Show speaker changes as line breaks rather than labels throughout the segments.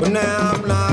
bu ne am la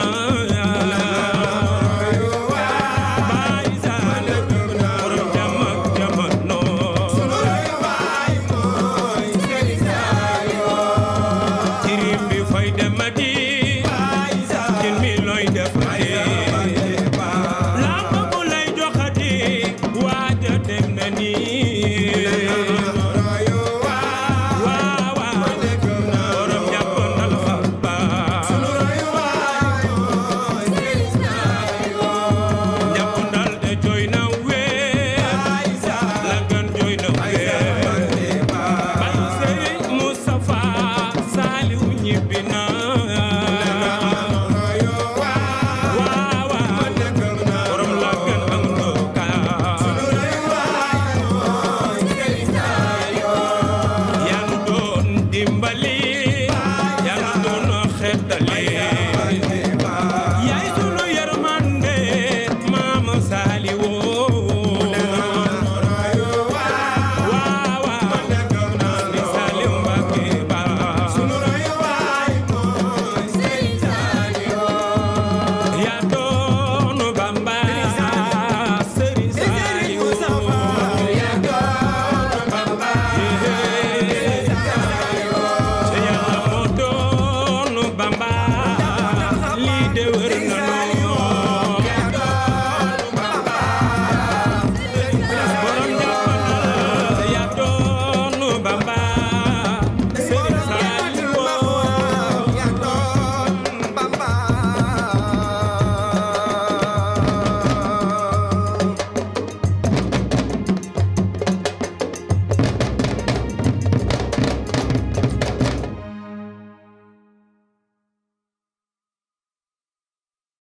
ya